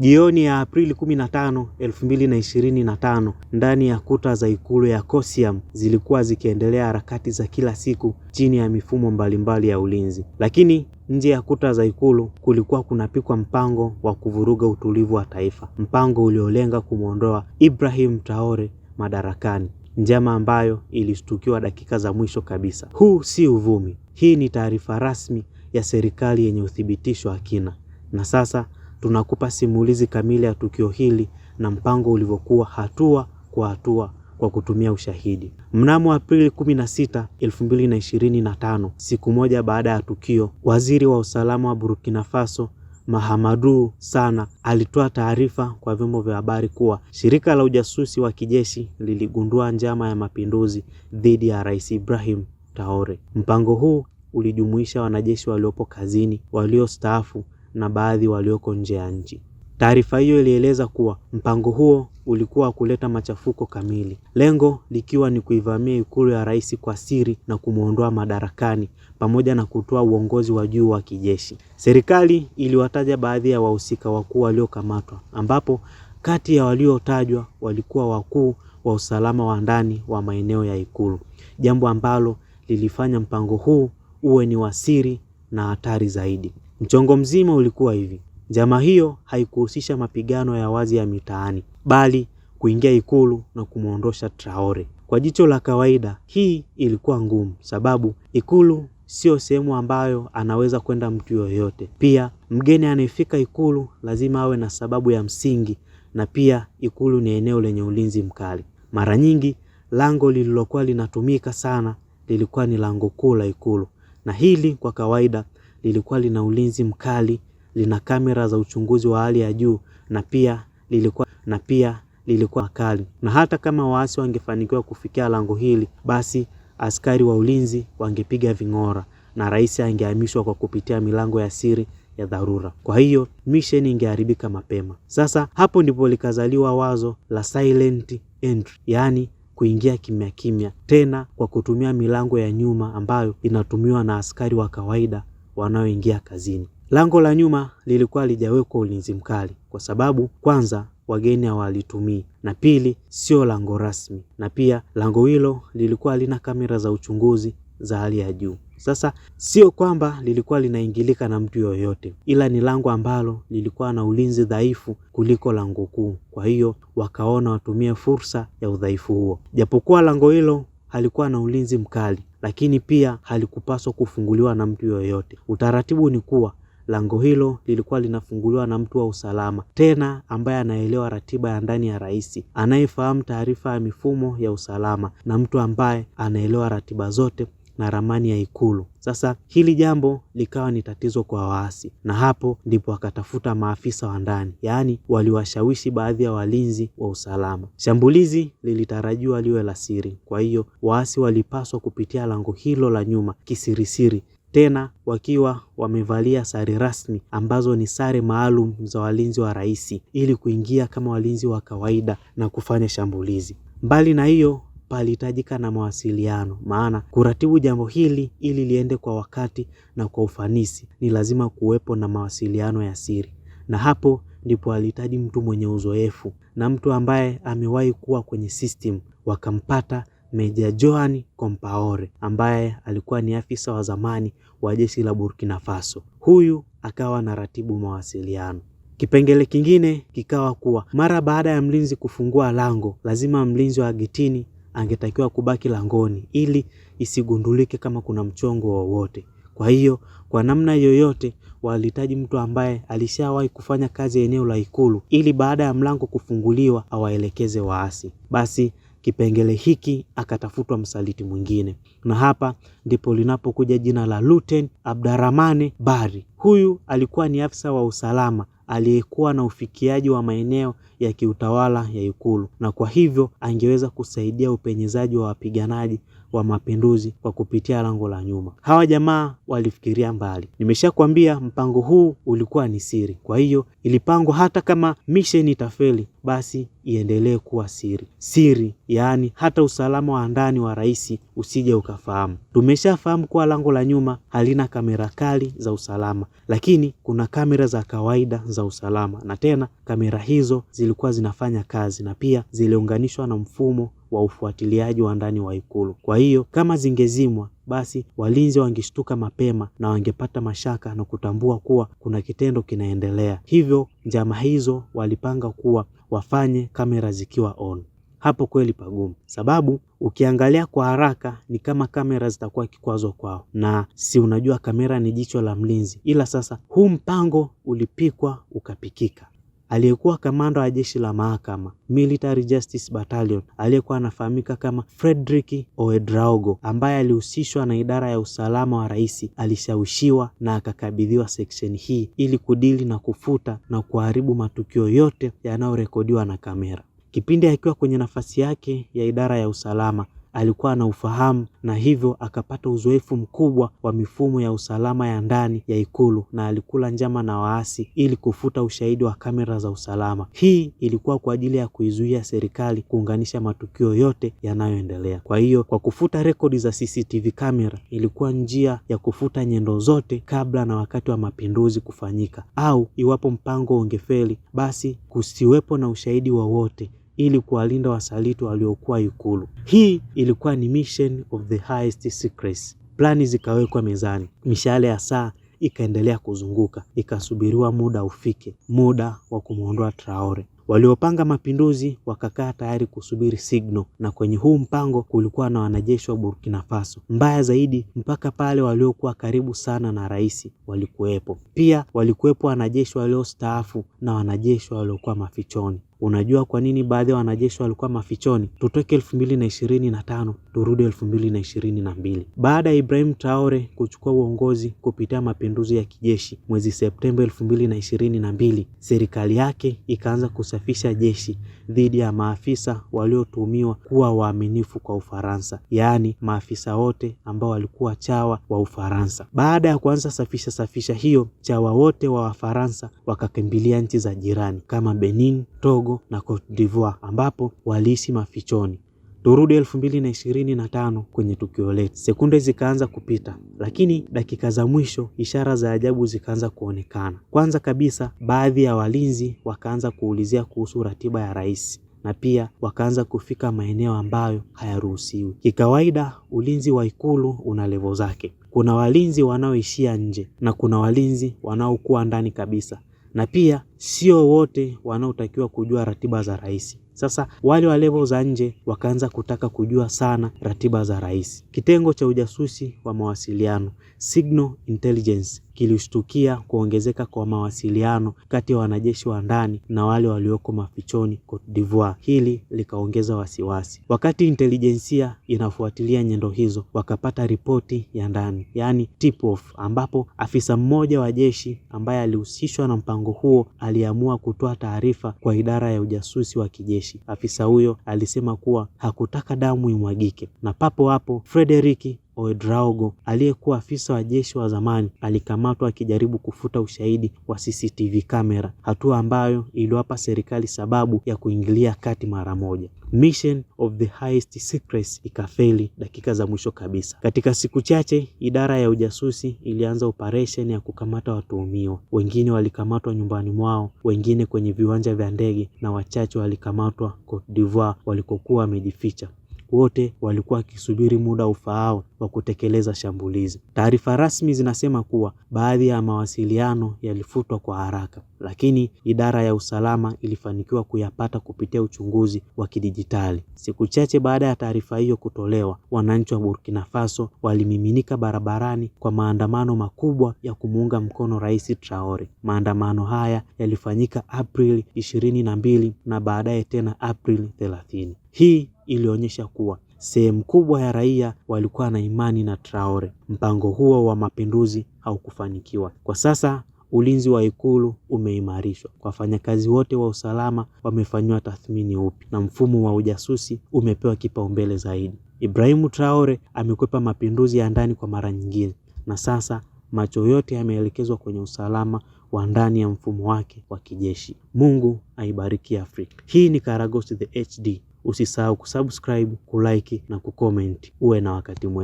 Jioni ya Aprili 15, 2025 ndani ya kuta za ikulu ya Kosiam zilikuwa zikiendelea harakati za kila siku chini ya mifumo mbalimbali ya ulinzi, lakini nje ya kuta za ikulu kulikuwa kunapikwa mpango wa kuvuruga utulivu wa taifa, mpango uliolenga kumwondoa Ibrahim Traore madarakani, njama ambayo ilishtukiwa dakika za mwisho kabisa. Huu si uvumi, hii ni taarifa rasmi ya serikali yenye uthibitisho wa kina, na sasa tunakupa simulizi kamili ya tukio hili na mpango ulivyokuwa hatua kwa hatua kwa kutumia ushahidi. Mnamo Aprili 16, 2025, siku moja baada ya tukio, waziri wa usalama wa Burkina Faso mahamadu Sana alitoa taarifa kwa vyombo vya habari kuwa shirika la ujasusi wa kijeshi liligundua njama ya mapinduzi dhidi ya Rais Ibrahim Traore. Mpango huu ulijumuisha wanajeshi waliopo kazini, waliostaafu na baadhi walioko nje ya nchi. Taarifa hiyo ilieleza kuwa mpango huo ulikuwa kuleta machafuko kamili, lengo likiwa ni kuivamia ikulu ya rais kwa siri na kumwondoa madarakani pamoja na kutoa uongozi wa juu wa kijeshi. Serikali iliwataja baadhi ya wahusika wakuu waliokamatwa, ambapo kati ya waliotajwa walikuwa wakuu wa usalama wa ndani wa maeneo ya ikulu, jambo ambalo lilifanya mpango huu uwe ni wa siri na hatari zaidi. Mchongo mzima ulikuwa hivi: njama hiyo haikuhusisha mapigano ya wazi ya mitaani, bali kuingia ikulu na kumwondosha Traore. Kwa jicho la kawaida, hii ilikuwa ngumu, sababu ikulu sio sehemu ambayo anaweza kwenda mtu yoyote. Pia mgeni anayefika ikulu lazima awe na sababu ya msingi, na pia ikulu ni eneo lenye ulinzi mkali. Mara nyingi lango lililokuwa linatumika sana lilikuwa ni lango kuu la ikulu, na hili kwa kawaida lilikuwa lina ulinzi mkali, lina kamera za uchunguzi wa hali ya juu na pia lilikuwa na pia lilikuwa kali, na hata kama waasi wangefanikiwa kufikia lango hili, basi askari wa ulinzi wangepiga ving'ora na rais angehamishwa kwa kupitia milango ya siri ya dharura. Kwa hiyo mission ingeharibika mapema. Sasa hapo ndipo likazaliwa wazo la silent entry, yaani kuingia kimya kimya, tena kwa kutumia milango ya nyuma ambayo inatumiwa na askari wa kawaida wanaoingia kazini. Lango la nyuma lilikuwa lijawekwa ulinzi mkali kwa sababu kwanza wageni hawalitumii na pili sio lango rasmi, na pia lango hilo lilikuwa lina kamera za uchunguzi za hali ya juu. Sasa sio kwamba lilikuwa linaingilika na mtu yoyote, ila ni lango ambalo lilikuwa na ulinzi dhaifu kuliko lango kuu. Kwa hiyo wakaona watumie fursa ya udhaifu huo, japokuwa lango hilo halikuwa na ulinzi mkali, lakini pia halikupaswa kufunguliwa na mtu yoyote. Utaratibu ni kuwa lango hilo lilikuwa linafunguliwa na mtu wa usalama, tena ambaye anaelewa ratiba ya ndani ya rais, anayefahamu taarifa ya mifumo ya usalama, na mtu ambaye anaelewa ratiba zote na ramani ya ikulu. Sasa hili jambo likawa ni tatizo kwa waasi, na hapo ndipo akatafuta maafisa wa ndani, yaani waliwashawishi baadhi ya walinzi wa usalama. Shambulizi lilitarajiwa liwe la siri, kwa hiyo waasi walipaswa kupitia lango hilo la nyuma kisirisiri tena wakiwa wamevalia sare rasmi ambazo ni sare maalum za walinzi wa rais ili kuingia kama walinzi wa kawaida na kufanya shambulizi. Mbali na hiyo, palihitajika na mawasiliano, maana kuratibu jambo hili ili liende kwa wakati na kwa ufanisi ni lazima kuwepo na mawasiliano ya siri, na hapo ndipo alihitaji mtu mwenye uzoefu na mtu ambaye amewahi kuwa kwenye system. Wakampata Meja Joan Compaore ambaye alikuwa ni afisa wa zamani wa jeshi la Burkina Faso. Huyu akawa na ratibu mawasiliano. Kipengele kingine kikawa kuwa mara baada ya mlinzi kufungua lango, lazima mlinzi wa getini angetakiwa kubaki langoni ili isigundulike kama kuna mchongo wowote. Kwa hiyo kwa namna yoyote walihitaji mtu ambaye alishawahi kufanya kazi eneo la Ikulu ili baada ya mlango kufunguliwa awaelekeze waasi. Basi kipengele hiki akatafutwa msaliti mwingine, na hapa ndipo linapokuja jina la Luten Abdaramane Bari. Huyu alikuwa ni afisa wa usalama aliyekuwa na ufikiaji wa maeneo ya kiutawala ya Ikulu, na kwa hivyo angeweza kusaidia upenyezaji wa wapiganaji wa mapinduzi kwa kupitia lango la nyuma. Hawa jamaa walifikiria mbali. Nimeshakwambia mpango huu ulikuwa ni siri, kwa hiyo ilipangwa hata kama misheni itafeli basi iendelee kuwa siri siri, yaani hata usalama wa ndani wa rais usije ukafahamu. Tumeshafahamu kuwa lango la nyuma halina kamera kali za usalama, lakini kuna kamera za kawaida za usalama, na tena kamera hizo zilikuwa zinafanya kazi na pia ziliunganishwa na mfumo wa ufuatiliaji wa ndani wa Ikulu. Kwa hiyo kama zingezimwa basi walinzi wangeshtuka mapema na wangepata mashaka na kutambua kuwa kuna kitendo kinaendelea. Hivyo njama hizo walipanga kuwa wafanye kamera zikiwa on. Hapo kweli pagumu, sababu ukiangalia kwa haraka ni kama kamera zitakuwa kikwazo kwao, na si unajua kamera ni jicho la mlinzi. Ila sasa huu mpango ulipikwa ukapikika aliyekuwa kamanda wa jeshi la mahakama Military Justice Battalion, aliyekuwa anafahamika kama Frederick Oedraogo, ambaye alihusishwa na idara ya usalama wa rais, alishawishiwa na akakabidhiwa section hii ili kudili na kufuta na kuharibu matukio yote yanayorekodiwa na kamera. Kipindi akiwa kwenye nafasi yake ya idara ya usalama alikuwa ufahamu na hivyo akapata uzoefu mkubwa wa mifumo ya usalama ya ndani ya Ikulu na alikula njama na waasi ili kufuta ushahidi wa kamera za usalama. Hii ilikuwa kwa ajili ya kuizuia serikali kuunganisha matukio yote yanayoendelea. Kwa hiyo, kwa kufuta rekodi za CCTV kamera, ilikuwa njia ya kufuta nyendo zote kabla na wakati wa mapinduzi kufanyika, au iwapo mpango ungefeli, basi kusiwepo na ushahidi wowote ili kuwalinda wasaliti waliokuwa Ikulu. Hii ilikuwa ni mission of the highest secrecy. Plani zikawekwa mezani, mishale ya saa ikaendelea kuzunguka, ikasubiriwa muda ufike, muda wa kumwondoa Traore. Waliopanga mapinduzi wakakaa tayari kusubiri signal, na kwenye huu mpango kulikuwa na wanajeshi wa Burkina Faso. Mbaya zaidi, mpaka pale waliokuwa karibu sana na rais walikuwepo. Pia walikuwepo wanajeshi waliostaafu na wanajeshi waliokuwa mafichoni. Unajua kwa nini baadhi ya wanajeshi walikuwa mafichoni? Tutoke 2025 na ishirini na tano turudi 2022. na ishirini na mbili baada ya Ibrahim Traore kuchukua uongozi kupitia mapinduzi ya kijeshi mwezi Septemba 2022, na ishirini na mbili serikali yake ikaanza kusafisha jeshi dhidi ya maafisa waliotumiwa kuwa waaminifu kwa Ufaransa, yaani maafisa wote ambao walikuwa chawa wa Ufaransa. Baada ya kuanza safisha safisha hiyo, chawa wote wa Wafaransa wakakimbilia nchi za jirani kama Benin, Togo Togo na Cote d'Ivoire ambapo waliishi mafichoni. Turudi elfu mbili na ishirini na tano kwenye tukio letu. Sekunde zikaanza kupita, lakini dakika za mwisho ishara za ajabu zikaanza kuonekana. Kwanza kabisa, baadhi ya walinzi wakaanza kuulizia kuhusu ratiba ya rais na pia wakaanza kufika maeneo ambayo hayaruhusiwi kikawaida. Ulinzi wa ikulu una levo zake. Kuna walinzi wanaoishia nje na kuna walinzi wanaokuwa ndani kabisa na pia sio wote wanaotakiwa kujua ratiba za rais. Sasa wale wa levo za nje wakaanza kutaka kujua sana ratiba za rais. Kitengo cha ujasusi wa mawasiliano Signal Intelligence kilishtukia kuongezeka kwa mawasiliano kati ya wanajeshi wa ndani na wale walioko mafichoni Cote d'Ivoire. Hili likaongeza wasiwasi. Wakati intelijensia inafuatilia nyendo hizo, wakapata ripoti ya ndani, yaani tip off, ambapo afisa mmoja wa jeshi ambaye alihusishwa na mpango huo aliamua kutoa taarifa kwa idara ya ujasusi wa kijeshi kijeshi. Afisa huyo alisema kuwa hakutaka damu imwagike, na papo hapo Frederiki Ouedraogo aliyekuwa afisa wa jeshi wa zamani alikamatwa akijaribu kufuta ushahidi wa CCTV kamera, hatua ambayo iliwapa serikali sababu ya kuingilia kati mara moja. Mission of the highest secrets ikafeli dakika za mwisho kabisa. Katika siku chache, idara ya ujasusi ilianza operation ya kukamata watuhumiwa. Wengine walikamatwa nyumbani mwao, wengine kwenye viwanja vya ndege na wachache walikamatwa Cote d'Ivoire walikokuwa wamejificha wote walikuwa wakisubiri muda ufaao wa kutekeleza shambulizi. Taarifa rasmi zinasema kuwa baadhi ya mawasiliano yalifutwa kwa haraka, lakini idara ya usalama ilifanikiwa kuyapata kupitia uchunguzi wa kidijitali. Siku chache baada ya taarifa hiyo kutolewa, wananchi wa Burkina Faso walimiminika barabarani kwa maandamano makubwa ya kumuunga mkono Rais Traore. Maandamano haya yalifanyika Aprili 22 na baadaye tena Aprili 30. Hii ilionyesha kuwa sehemu kubwa ya raia walikuwa na imani na Traore. Mpango huo wa mapinduzi haukufanikiwa. Kwa sasa ulinzi wa ikulu umeimarishwa, wafanyakazi wote wa usalama wamefanyiwa tathmini upya na mfumo wa ujasusi umepewa kipaumbele zaidi. Ibrahimu Traore amekwepa mapinduzi ya ndani kwa mara nyingine, na sasa macho yote yameelekezwa kwenye usalama wa ndani ya mfumo wake wa kijeshi. Mungu aibariki Afrika. Hii ni Karagosi the HD. Usisahau kusubscribe, kulike na kucomment. Uwe na wakati mwema.